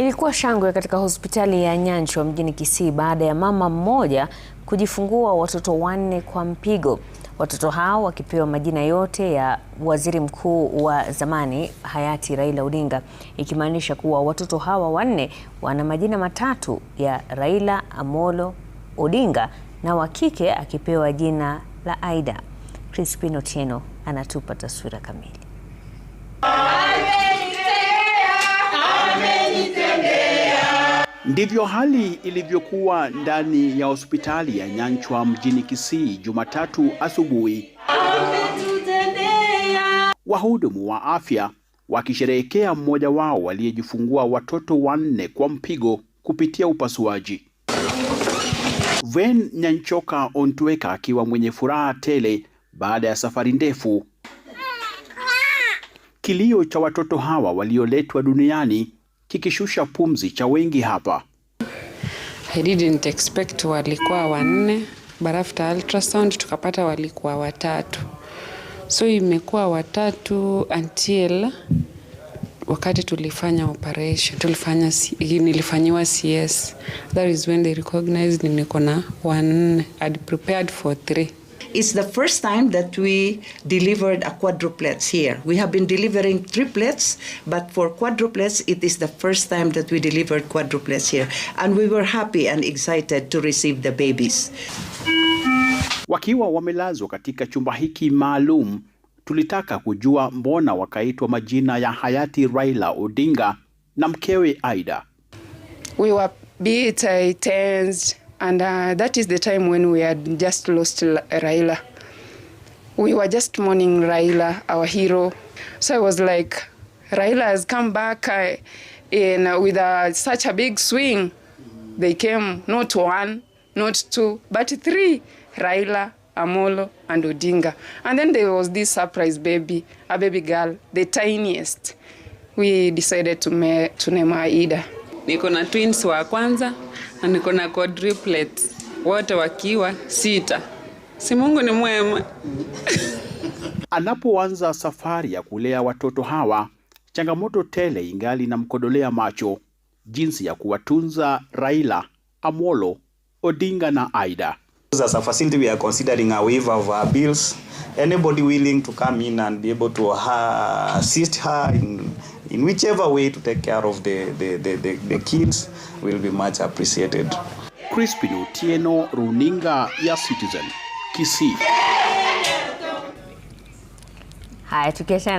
Ilikuwa shangwe katika hospitali ya Nyanchwa mjini Kisii baada ya mama mmoja kujifungua watoto wanne kwa mpigo. Watoto hao wakipewa majina yote ya Waziri Mkuu wa zamani hayati Raila Odinga, ikimaanisha kuwa watoto hawa wanne wana majina matatu ya Raila Amolo Odinga na wa kike akipewa jina la Aida. Crispin Otieno anatupa taswira kamili. Ndivyo hali ilivyokuwa ndani ya hospitali ya Nyanchwa mjini Kisii Jumatatu asubuhi, wahudumu wa afya wakisherehekea mmoja wao aliyejifungua watoto wanne kwa mpigo kupitia upasuaji. Ven Nyanchoka Ontweka akiwa mwenye furaha tele baada ya safari ndefu. Kilio cha watoto hawa walioletwa duniani kikishusha pumzi cha wengi hapa. I didn't expect walikuwa wanne, but after ultrasound tukapata walikuwa watatu, so imekuwa watatu until wakati tulifanya operation tulifanya, nilifanyiwa CS, that is when they recognized niko na wanne. I'd prepared for three It's the first time that we delivered a quadruplets here. We have been delivering triplets, but for quadruplets, it is the first time that we delivered quadruplets here. And we were happy and excited to receive the babies. Wakiwa wamelazwa katika chumba hiki maalum, tulitaka kujua mbona wakaitwa majina ya hayati Raila Odinga na mkewe Aida. We were bitter, uh, tensed and uh, that is the time when we had just lost Raila. We were just mourning Raila, our hero. So I was like, Raila has come back uh, in, uh, with a, uh, such a big swing. They came not one, not two, but three. Raila, Amolo, and Odinga. And then there was this surprise baby, a baby girl, the tiniest. We decided to, to name her Ida niko na twins wa kwanza na niko na quadruplets wote wakiwa sita. Si Mungu ni mwema. Anapoanza safari ya kulea watoto hawa, changamoto tele ingali inamkodolea macho, jinsi ya kuwatunza Raila, Amolo, Odinga na Aida. As a facility we are considering a waiver of our bills. Anybody willing to come in and be able to assist her in in whichever way to take care of the, the, the, the, the kids will be much appreciated. Crispin Otieno, runinga ya Citizen, Kisii. Haya, tukiachana